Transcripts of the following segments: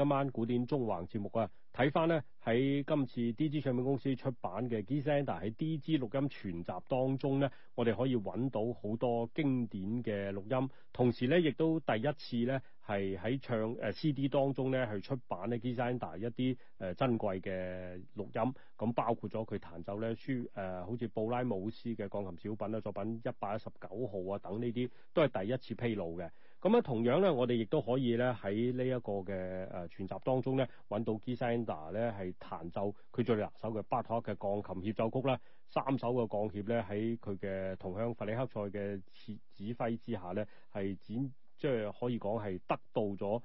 今晚古典縱橫節目啊，睇返咧喺今次 DG 唱片公司出版嘅 Gisela 喺 DG 錄音全集當中咧，我哋可以揾到好多經典嘅錄音，同時咧亦都第一次咧係喺唱誒、呃、CD 當中咧去出版咧 Gisela 一啲誒、呃、珍貴嘅錄音，咁包括咗佢彈奏咧舒誒好似布拉姆斯嘅鋼琴小品啊作品一百一十九號啊等呢啲都係第一次披露嘅。咁啊，同樣咧，我哋亦都可以咧喺呢一個嘅誒全集當中咧，揾到 Géza Anda 咧係彈奏佢最拿手嘅巴托克嘅鋼琴協奏曲啦，三首嘅鋼協咧喺佢嘅同鄉弗里克賽嘅指揮之下咧，係展即係可以講係得到咗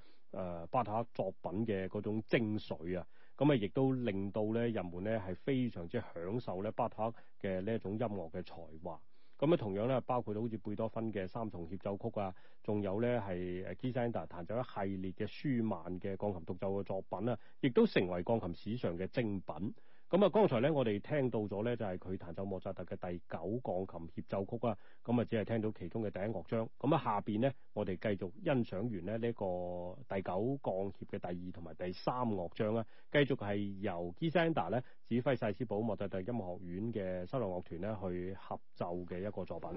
誒巴托克作品嘅嗰種精髓啊！咁啊，亦都令到咧人們咧係非常之享受咧巴托克嘅呢一種音樂嘅才華。咁啊，同樣咧，包括到好似貝多芬嘅三重協奏曲啊，仲有咧係誒基森達彈奏一系列嘅舒曼嘅鋼琴獨奏嘅作品啊，亦都成為鋼琴史上嘅精品。咁啊，剛才咧，我哋聽到咗咧，就係佢彈奏莫扎特嘅第九鋼琴協奏曲啊。咁啊，只係聽到其中嘅第一樂章。咁啊，下邊咧，我哋繼續欣賞完咧呢個第九鋼協嘅第二同埋第三樂章啦。繼續係由 Géza Anda 咧指揮薩斯堡莫扎特音樂學院嘅新樂樂團咧去合奏嘅一個作品。